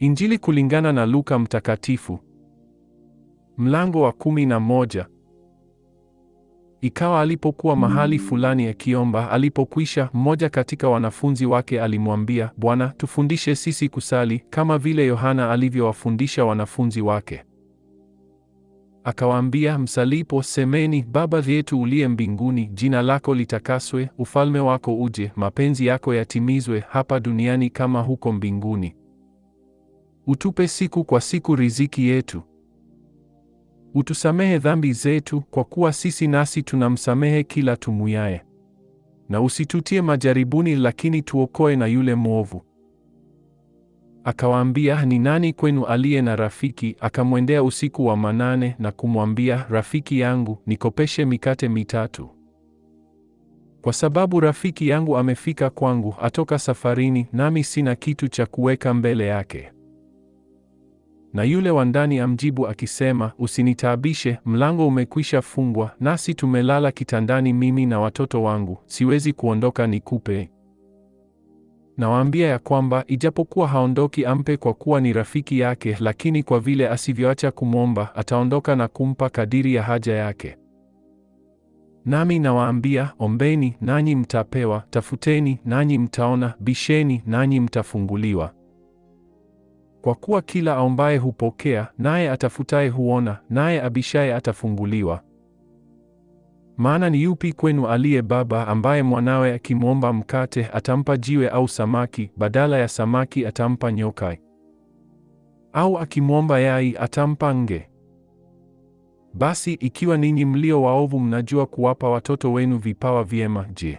Injili kulingana na Luka Mtakatifu, mlango wa kumi na moja. Ikawa alipokuwa mahali fulani akiomba, alipokwisha, mmoja katika wanafunzi wake alimwambia, Bwana, tufundishe sisi kusali kama vile Yohana alivyowafundisha wanafunzi wake. Akawaambia, msalipo, semeni: Baba yetu uliye mbinguni, jina lako litakaswe, ufalme wako uje, mapenzi yako yatimizwe hapa duniani kama huko mbinguni. Utupe siku kwa siku riziki yetu. Utusamehe dhambi zetu, kwa kuwa sisi nasi tunamsamehe kila tumuyaye, na usitutie majaribuni, lakini tuokoe na yule mwovu. Akawaambia, ni nani kwenu aliye na rafiki, akamwendea usiku wa manane na kumwambia, rafiki yangu, nikopeshe mikate mitatu, kwa sababu rafiki yangu amefika kwangu atoka safarini, nami sina kitu cha kuweka mbele yake. Na yule wa ndani amjibu akisema, usinitaabishe, mlango umekwisha fungwa, nasi tumelala kitandani, mimi na watoto wangu, siwezi kuondoka, nikupe. Nawaambia ya kwamba ijapokuwa haondoki ampe kwa kuwa ni rafiki yake, lakini kwa vile asivyoacha kumwomba, ataondoka na kumpa kadiri ya haja yake. Nami nawaambia, ombeni nanyi mtapewa, tafuteni nanyi mtaona, bisheni nanyi mtafunguliwa. Kwa kuwa kila aombaye hupokea, naye atafutaye huona, naye abishaye atafunguliwa. Maana ni yupi kwenu aliye baba ambaye mwanawe akimwomba mkate atampa jiwe, au samaki badala ya samaki atampa nyoka? Au akimwomba yai atampa nge? Basi ikiwa ninyi mlio waovu mnajua kuwapa watoto wenu vipawa vyema, je,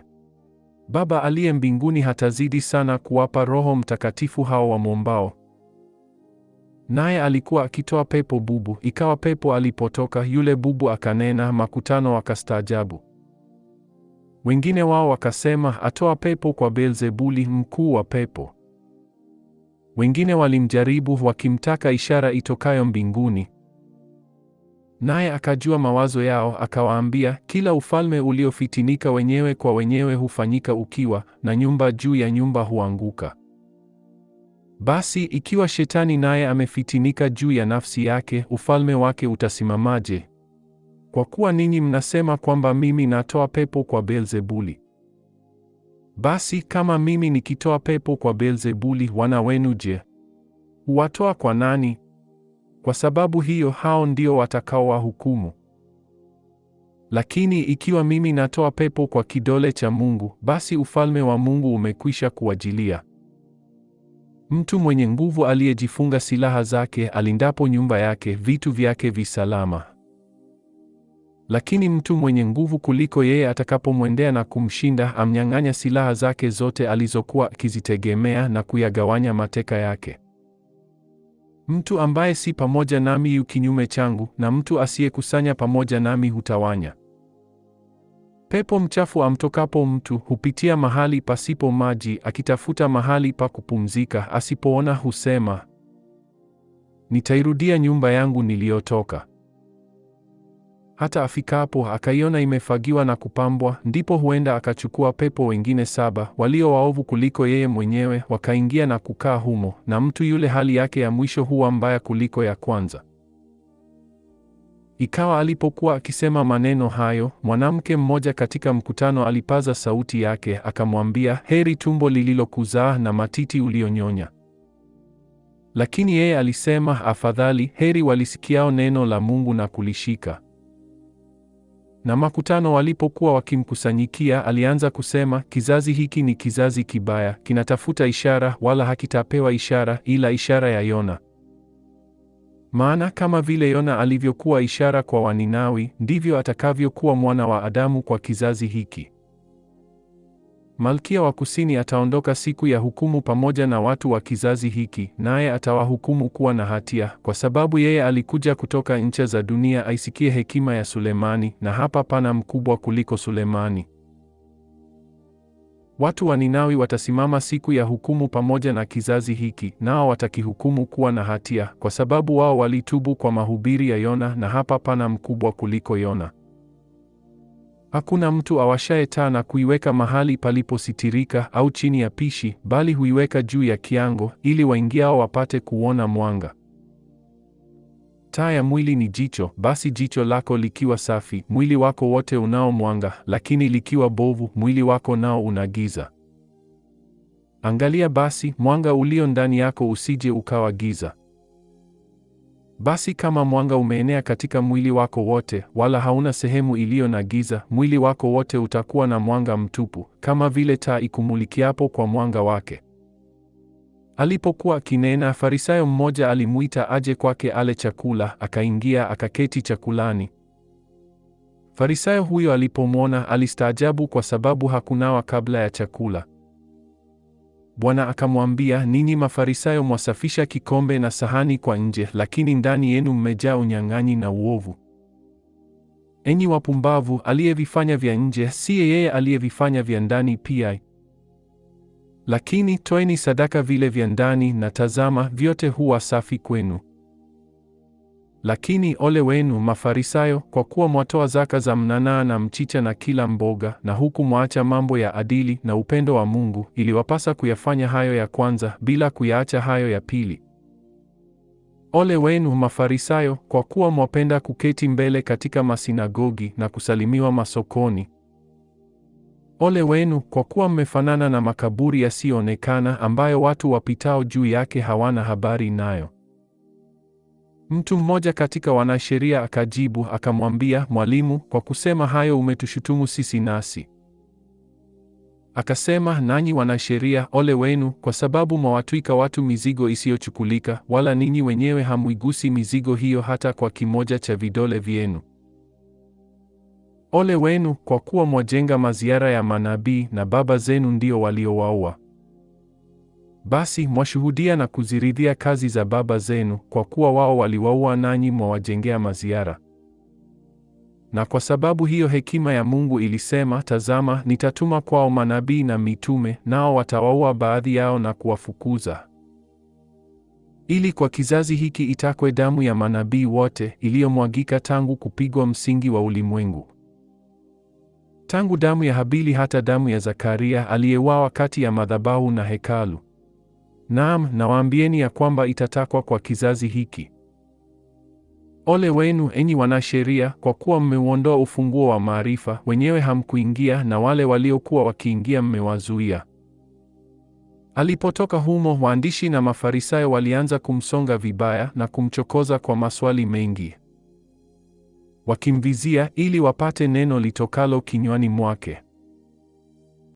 Baba aliye mbinguni hatazidi sana kuwapa Roho Mtakatifu hao wamwombao? Naye alikuwa akitoa pepo bubu. Ikawa pepo alipotoka yule bubu akanena, makutano wakastaajabu. Wengine wao wakasema, atoa pepo kwa Beelzebuli mkuu wa pepo. Wengine walimjaribu wakimtaka ishara itokayo mbinguni. Naye akajua mawazo yao, akawaambia, kila ufalme uliofitinika wenyewe kwa wenyewe hufanyika ukiwa, na nyumba juu ya nyumba huanguka. Basi ikiwa shetani naye amefitinika juu ya nafsi yake, ufalme wake utasimamaje? Kwa kuwa ninyi mnasema kwamba mimi natoa pepo kwa Beelzebuli. Basi kama mimi nikitoa pepo kwa Beelzebuli, wana wenu je? Huwatoa kwa nani? Kwa sababu hiyo hao ndio watakaowahukumu. Lakini ikiwa mimi natoa pepo kwa kidole cha Mungu, basi ufalme wa Mungu umekwisha kuwajilia. Mtu mwenye nguvu aliyejifunga silaha zake alindapo nyumba yake vitu vyake visalama. Lakini mtu mwenye nguvu kuliko yeye atakapomwendea na kumshinda, amnyang'anya silaha zake zote alizokuwa akizitegemea na kuyagawanya mateka yake. Mtu ambaye si pamoja nami yu kinyume changu, na mtu asiyekusanya pamoja nami hutawanya. Pepo mchafu amtokapo mtu hupitia mahali pasipo maji, akitafuta mahali pa kupumzika; asipoona husema, nitairudia nyumba yangu niliyotoka. Hata afikapo akaiona imefagiwa na kupambwa, ndipo huenda akachukua pepo wengine saba walio waovu kuliko yeye mwenyewe, wakaingia na kukaa humo, na mtu yule hali yake ya mwisho huwa mbaya kuliko ya kwanza. Ikawa alipokuwa akisema maneno hayo, mwanamke mmoja katika mkutano alipaza sauti yake akamwambia, heri tumbo lililokuzaa na matiti ulionyonya Lakini yeye alisema, afadhali heri walisikiao neno la Mungu na kulishika. Na makutano walipokuwa wakimkusanyikia, alianza kusema, kizazi hiki ni kizazi kibaya, kinatafuta ishara, wala hakitapewa ishara ila ishara ya Yona. Maana kama vile Yona alivyokuwa ishara kwa Waninawi, ndivyo atakavyokuwa mwana wa Adamu kwa kizazi hiki. Malkia wa Kusini ataondoka siku ya hukumu pamoja na watu wa kizazi hiki, naye atawahukumu kuwa na hatia, kwa sababu yeye alikuja kutoka ncha za dunia aisikie hekima ya Sulemani, na hapa pana mkubwa kuliko Sulemani. Watu wa Ninawi watasimama siku ya hukumu pamoja na kizazi hiki, nao watakihukumu kuwa na hatia, kwa sababu wao walitubu kwa mahubiri ya Yona, na hapa pana mkubwa kuliko Yona. Hakuna mtu awashaye taa na kuiweka mahali palipositirika au chini ya pishi, bali huiweka juu ya kiango, ili waingiao wapate kuona mwanga. Taa ya mwili ni jicho. Basi jicho lako likiwa safi, mwili wako wote unao mwanga, lakini likiwa bovu, mwili wako nao una giza. Angalia basi mwanga ulio ndani yako usije ukawa giza. Basi kama mwanga umeenea katika mwili wako wote, wala hauna sehemu iliyo na giza, mwili wako wote utakuwa na mwanga mtupu, kama vile taa ikumulikiapo kwa mwanga wake. Alipokuwa akinena, Farisayo mmoja alimwita aje kwake ale chakula, akaingia akaketi chakulani. Farisayo huyo alipomwona alistaajabu kwa sababu hakunawa kabla ya chakula. Bwana akamwambia, ninyi Mafarisayo mwasafisha kikombe na sahani kwa nje, lakini ndani yenu mmejaa unyang'anyi na uovu. Enyi wapumbavu, aliyevifanya vya nje si yeye aliyevifanya vya ndani pia. Lakini toeni sadaka vile vya ndani, na tazama, vyote huwa safi kwenu. Lakini ole wenu Mafarisayo, kwa kuwa mwatoa zaka za mnanaa na mchicha na kila mboga, na huku mwaacha mambo ya adili na upendo wa Mungu. Iliwapasa kuyafanya hayo ya kwanza, bila kuyaacha hayo ya pili. Ole wenu Mafarisayo, kwa kuwa mwapenda kuketi mbele katika masinagogi na kusalimiwa masokoni. Ole wenu kwa kuwa mmefanana na makaburi yasiyoonekana ambayo watu wapitao juu yake hawana habari nayo. Mtu mmoja katika wanasheria akajibu akamwambia, Mwalimu, kwa kusema hayo umetushutumu sisi nasi. Akasema, nanyi wanasheria, ole wenu kwa sababu mwawatwika watu mizigo isiyochukulika, wala ninyi wenyewe hamwigusi mizigo hiyo hata kwa kimoja cha vidole vyenu. Ole wenu kwa kuwa mwajenga maziara ya manabii na baba zenu ndio waliowaua. Basi mwashuhudia na kuziridhia kazi za baba zenu, kwa kuwa wao waliwaua nanyi mwawajengea maziara. Na kwa sababu hiyo hekima ya Mungu ilisema, tazama, nitatuma kwao manabii na mitume, nao watawaua baadhi yao na kuwafukuza, ili kwa kizazi hiki itakwe damu ya manabii wote iliyomwagika tangu kupigwa msingi wa ulimwengu tangu damu ya Habili hata damu ya Zakaria aliyewawa kati ya madhabahu na hekalu. Naam, nawaambieni ya kwamba itatakwa kwa kizazi hiki. Ole wenu enyi wanasheria, kwa kuwa mmeuondoa ufunguo wa maarifa; wenyewe hamkuingia, na wale waliokuwa wakiingia mmewazuia. Alipotoka humo, waandishi na Mafarisayo walianza kumsonga vibaya na kumchokoza kwa maswali mengi wakimvizia ili wapate neno litokalo kinywani mwake.